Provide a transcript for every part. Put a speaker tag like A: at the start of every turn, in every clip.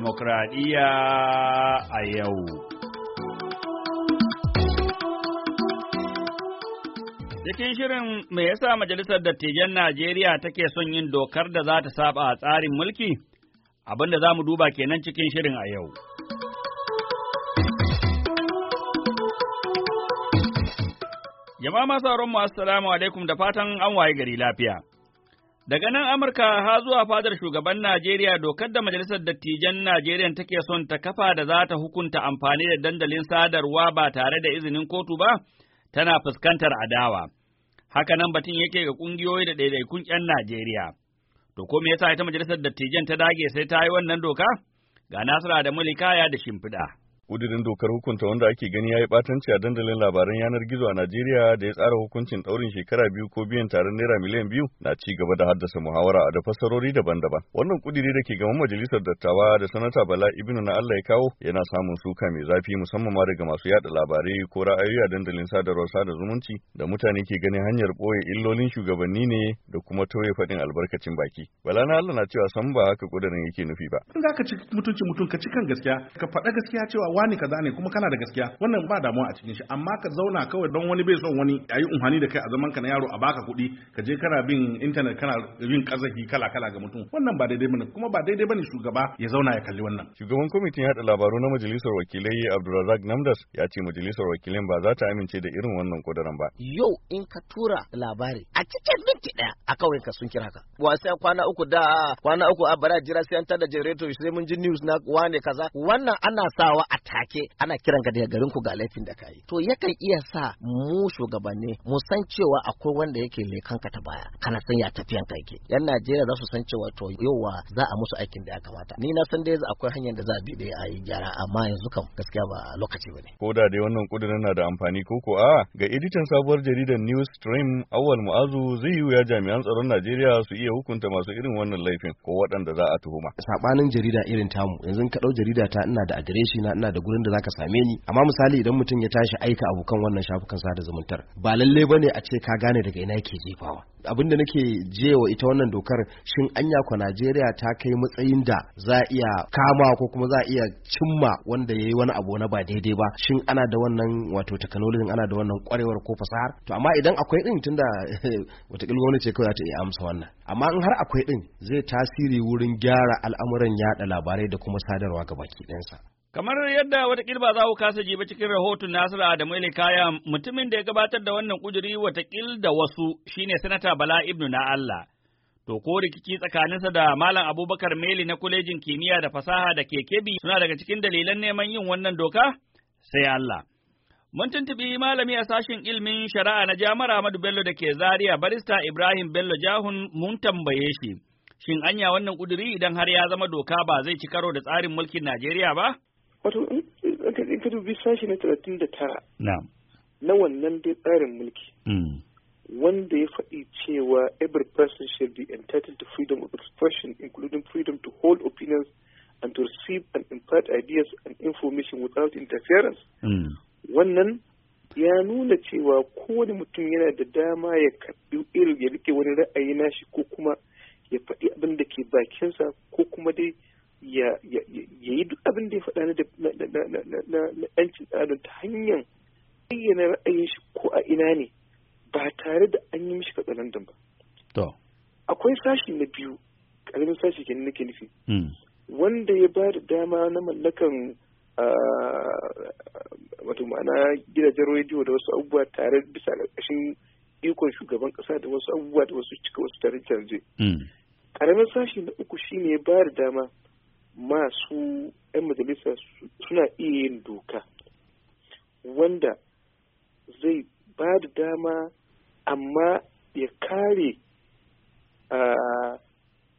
A: demokradiyya a yau. Cikin shirin me yasa Majalisar Dattijan Najeriya take son yin dokar da za ta saba a tsarin mulki? Abinda da za mu duba kenan cikin shirin a yau. Jama'a masu mu assalamu alaikum da fatan an waye gari lafiya. Daga nan Amurka ha zuwa fadar shugaban Najeriya dokar da Majalisar Dattijan Najeriya take son ta kafa da za ta hukunta amfani da dandalin sadarwa ba tare da izinin kotu ba, tana fuskantar adawa. Haka nan batun yake ga ƙungiyoyi da ɗaiɗaikun 'yan Najeriya. To ko me yasa ita Majalisar Dattijan ta dage sai ta yi wannan doka? Ga Nasira da Mulikaya da
B: Shimfiɗa. Kudirin dokar hukunta wanda ake gani ya yi batanci a dandalin labaran yanar gizo a Najeriya da ya tsara hukuncin ɗaurin shekara biyu ko biyan taron naira miliyan biyu na ci gaba da haddasa muhawara da fassarori daban-daban. Wannan kudiri da ke gaban majalisar dattawa da sanata Bala Ibnu na Allah ya kawo yana samun suka mai zafi musamman ma daga masu yada labarai ko ra'ayoyi a dandalin sadarwar sada zumunci da mutane ke ganin hanyar ɓoye illolin shugabanni ne da kuma tauye faɗin albarkacin baki. Bala na Allah na cewa san ba haka kudirin yake nufi ba. In za ka ci mutunci mutum ka ci kan gaskiya ka faɗa gaskiya cewa wani kaza ne kuma kana da gaskiya wannan ba damuwa a cikin shi amma ka zauna kawai don wani bai son wani yayi umhani da kai a zaman ka na yaro a baka kuɗi ka je kana bin internet kana yin kazafi kala kala ga mutum wannan ba daidai bane kuma ba daidai bane shugaba ya zauna ya kalli wannan shugaban kwamitin yada labaru na majalisar wakilai Abdulrazak Namdas ya ce majalisar wakilan ba za ta amince da irin wannan kudaran ba
A: yau in ka tura labari a cikin minti daya a kawai ka sun kira ka wasa kwana uku da kwana uku a bara jira sai an tada generator sai mun ji news na wane kaza wannan ana sawa a take ana kiran ka daga garin ku ga laifin da kai to yakan iya sa mu
C: shugabanni mu san cewa akwai wanda yake lekan ka ta baya kana san ya tafiyan ka yake yan Najeriya za su san cewa to yauwa za a musu aikin da ya kamata ni na san dai akwai hanyar da za a bi da a yi gyara amma yanzu kam gaskiya ba lokaci bane
B: ko da dai wannan kudirin na da amfani ko ko a ga editan sabuwar jaridar News Stream Awal Mu'azu zai yi wuya jami'an tsaron Najeriya su iya hukunta masu irin wannan laifin ko waɗanda za a tuhuma sabanin jarida irin tamu yanzu ka dau jarida ta ina da
A: adireshi na ina da da gurin da zaka same ni amma misali idan mutum ya tashi aika abokan wannan shafukan sada zumuntar ba lalle bane a ce ka gane daga ina yake jefawa abin da nake jewa ita wannan dokar shin anya ko Najeriya ta kai matsayin da za a iya kama ko kuma za a iya cimma wanda yayi wani abu na ba daidai ba shin ana da wannan wato technology ana da wannan kwarewar ko fasahar to amma idan akwai din tunda watakila gwamnati ce kawai za ta iya amsa wannan amma in har akwai din zai tasiri wurin gyara al'amuran yada labarai da kuma sadarwa ga baki ɗayansa Kamar yadda watakila ba za ku kasa ba cikin rahoton Nasiru Adamu Kaya, mutumin da ya gabatar da wannan kujeri watakila da wasu shine Sanata Bala Ibnu na Allah. To ko rikici tsakaninsa da Malam Abubakar Meli na Kwalejin Kimiyya da Fasaha da Kekebi suna daga cikin dalilan neman yin wannan doka? Sai Allah. Mun tuntubi malami a sashen ilimin shari'a na Jami'ar Ahmadu Bello da ke Zaria barista Ibrahim Bello Jahun mun tambaye shi. Shin anya wannan kuduri idan har ya zama doka ba zai ci karo da tsarin mulkin Najeriya ba?
C: wato in ka dubi sashi na talatin da tara na wannan dai tsarin mulki mm. wanda ya faɗi cewa every person shall be entitled to freedom of expression including freedom to hold opinions and to receive and impart ideas and information without interference mm. wannan ya nuna cewa kowane mutum yana da dama ya karɓi irin ya rike wani ra'ayi nashi ko kuma ya faɗi abinda ke bakinsa ko kuma dai ya yi duk abin da ya faɗa na ‘yancin ɗan ta hanyar bayyana ra'ayin shi ko a ina ne ba tare da an yi mishi katsalandan ba. To. Akwai sashi na biyu, ƙaramin sashi ke nake nufi. Hmm. Wanda ya ba da dama na mallakan ah, wato ma'ana gidajen rediyo da wasu abubuwa tare bisa ƙarƙashin ikon shugaban ƙasa da wasu abubuwa da wasu cika wasu tare canje. Hmm. Ƙaramin sashi na uku shine ya ba da dama masu 'yan majalisa suna iya yin doka wanda zai ba da dama amma ya kare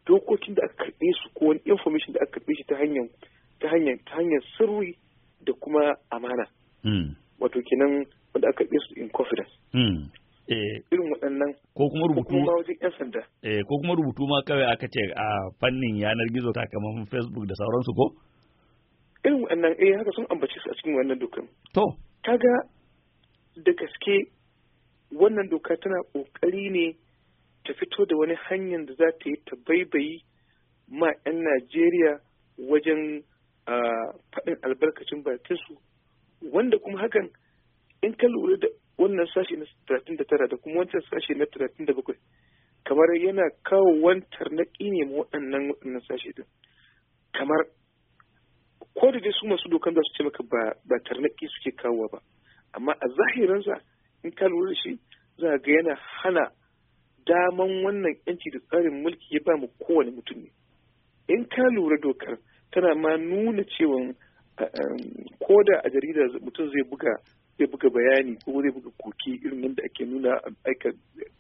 C: dokokin da aka karbe su ko wani information da aka karbe shi ta hanyar ta hanyar sirri da kuma amana hmm. wato kenan wanda aka karbe su in confidence hmm. eh,
A: kuma rubutu eh ko kuma rubutu ma kawai aka ce a fannin yanar gizo ta kamar facebook da sauransu ko
C: irin wannan eh haka sun ambace su a cikin wannan dokar. to kaga da gaske wannan doka tana kokari ne ta fito da wani hanyar da za ta yi ta baibayi ma 'yan Najeriya wajen ah, faɗin albarkacin bakinsu wanda kuma hakan in ka lura da wannan sashi na 39 da kuma wancan sashi na 37 kamar yana kawo wantar na ƙine ma waɗannan waɗannan sashi din kamar ko da dai su masu dokan za su ce maka ba tarnaƙi suke kawowa ba amma a zahirinsa in ka lura da shi za ga yana hana daman wannan yanci da tsarin mulki ya ba mu kowane mutum ne in ka lura dokar tana ma nuna cewa eh, eh, ko da a jarida mutum zai buga zai buga bayani ko zai buga koke irin yadda ake nuna aika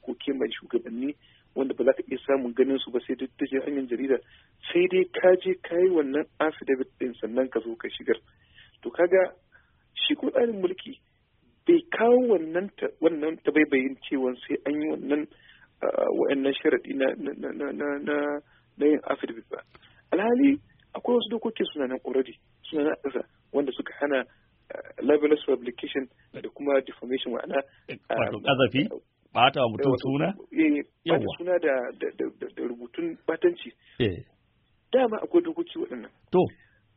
C: koke mai shugabanni wanda ba za ka iya samun ganin su ba sai duk da hanyar jarida sai dai ka je ka yi wannan affidavit din sannan ka zo ka shigar to kaga shi ko tsarin mulki bai kawo wannan ta wannan bayin cewa sai an yi wannan wa'annan sharaɗi na na yin affidavit ba alhali akwai wasu dokokin suna nan already suna nan wanda suka hana libelous publication da kuma defamation ma'ana eh, wato
A: kazafi ah, bata mutum eh, suna
C: eh, yawa suna da rubutun batanci dama akwai dokoki waɗannan to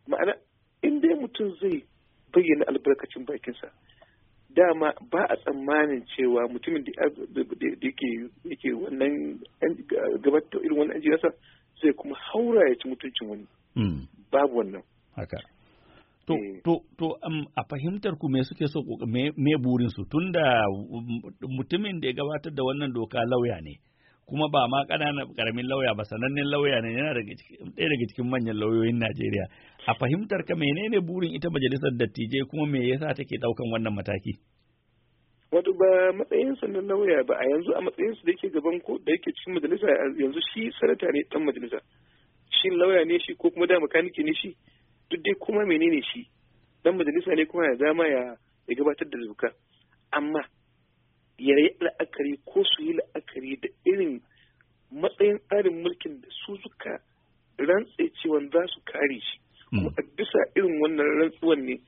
C: ma'ana in dai mutum zai bayyana albarkacin bakinsa dama ba a tsammanin cewa mutumin da yake wannan gabatar irin wannan ajiyarsa zai kuma haura ya ci mutuncin wani hmm. babu wannan To,
A: eh. to, to um, a fahimtar ku me suke so me, burin su tunda um, mutumin da ya gabatar da wannan doka lauya ne kuma ba ma ƙanana ƙaramin lauya ba sanannen lauya ne yana ɗaya daga cikin manyan lauyoyin Najeriya. A fahimtar ka menene burin ita majalisar dattijai kuma me yasa take ɗaukan wannan mataki?
C: wato ba matsayinsa na lauya ba a yanzu a matsayinsa da yake gaban ko da yake cikin majalisa yanzu shi sanata ne dan majalisa shin lauya ne shi ko kuma da makaniki ne shi duk dai kuma menene shi dan majalisa ne kuma ya zama ya gabatar da doka amma ya yi la'akari ko su yi la'akari da irin matsayin tsarin mulkin da su suka rantse cewa za su kare shi hmm. kuma a bisa irin wannan rantsuwan ne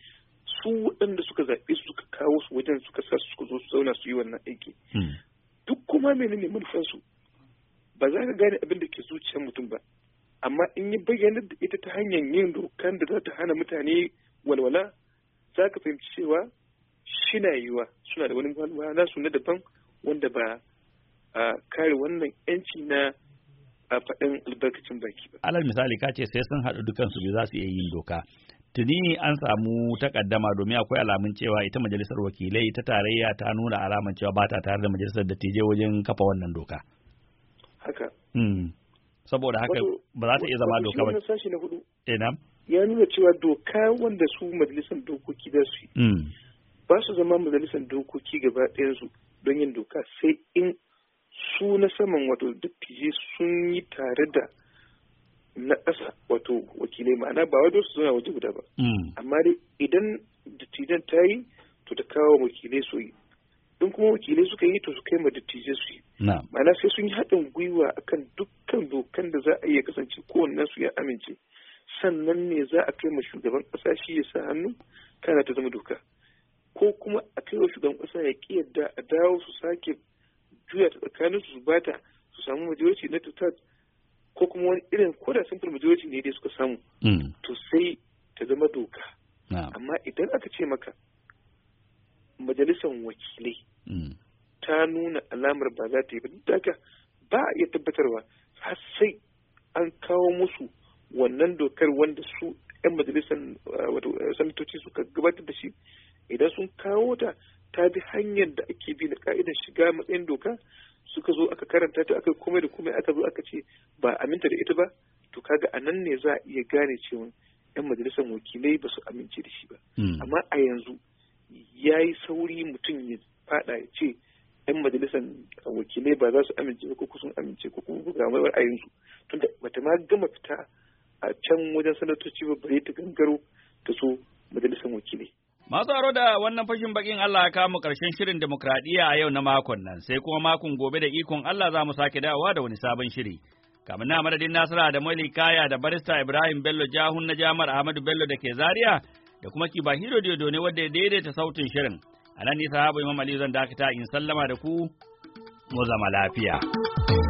C: su waɗanda suka zaɓe su suka kawo su wajen suka sa su zo su zauna su yi wannan aiki hmm. duk kuma menene manufansu ba za ka gane abin da ke zuciyar mutum ba amma in yi bayyana da ita ta hanyar yin dokan da za ta hana mutane walwala za ka fahimci cewa shi na yiwa suna da wani walwala su na daban wanda ba a kare wannan yanci na a faɗin albarkacin baki
A: ba. Alal misali ka ce sai sun haɗu dukansu su za su iya yin doka. tuni an samu takaddama domin akwai alamun cewa ita majalisar wakilai ta tarayya ta nuna alamun cewa ba ta tare da majalisar dattijai wajen kafa wannan doka. Haka. Hmm. saboda haka ba za ta iya zama doka ba sashi eh,
C: ya nuna cewa doka wanda su majalisar dokoki da su hmm. ba su zama majalisar dokoki gaba su don yin doka sai in su na saman wato dattije sun yi tare da na ƙasa wato wakilai ma'ana ba wajen su zana waje guda ba hmm. amma dai idan dattijan ta yi to ta kawo wakilai su yi in kuma wakilai suka yi to su kai ma dattijai su yi ma'ana sai sun yi haɗin gwiwa akan duk ya kasance kowanne su ya amince sannan ne za a kai ma shugaban ƙasa shi ya sa hannu kana ta zama doka ko kuma a kai wa shugaban kasa ya ki yadda a dawo su sake juya ta tsakanin su bata su samu majority na tuta ko kuma wani irin ko da simple majority ne dai suka samu mm. to sai ta zama doka amma idan aka ce maka majalisan wakilai mm. ta nuna alamar ba za ta yi ba duk ba a iya tabbatarwa har sai an kawo musu wannan dokar wanda su 'yan majalisar uh, uh, sanatoci suka gabatar da shi idan sun kawo ta ta bi hanyar da ake bi na ka'idar shiga matsayin doka suka zo aka karanta ta aka komai da komai aka zo aka ce ba aminta da ita ba to kaga a nan ne za a iya gane cewa 'yan majalisar wakilai ba su amince da shi ba hmm. amma a yanzu ya yi sauri mutum ya faɗa ya ce 'yan majalisar wakilai ba za su amince ko sun amince ko kuma ga ra'ayinsu tunda bata ma gama fita a can wajen sanatoci ba bare ta gangaro ta so majalisar wakilai.
A: Masu aro da wannan fashin bakin Allah ya kama karshen shirin demokradiyya a yau na makon nan sai kuma makon gobe da ikon Allah za mu sake dawowa da wani sabon shiri. Kamin na madadin Nasira da Mali Kaya da barista Ibrahim Bello Jahun na Jamar Ahmadu Bello da ke Zaria da kuma Kiba Hiro Diodo ne wadda ya daidaita sautin shirin. A nan ni sahabu Imam Ali zan dakata in sallama da
C: ku mu zama lafiya.